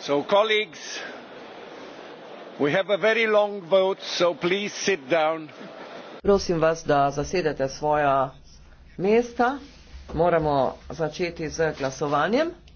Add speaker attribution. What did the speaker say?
Speaker 1: So, colleagues, we have a very long vote, so please sit down.
Speaker 2: Prosim vas, da zasedete svoja mesta. Moramo začeti z glasovanjem.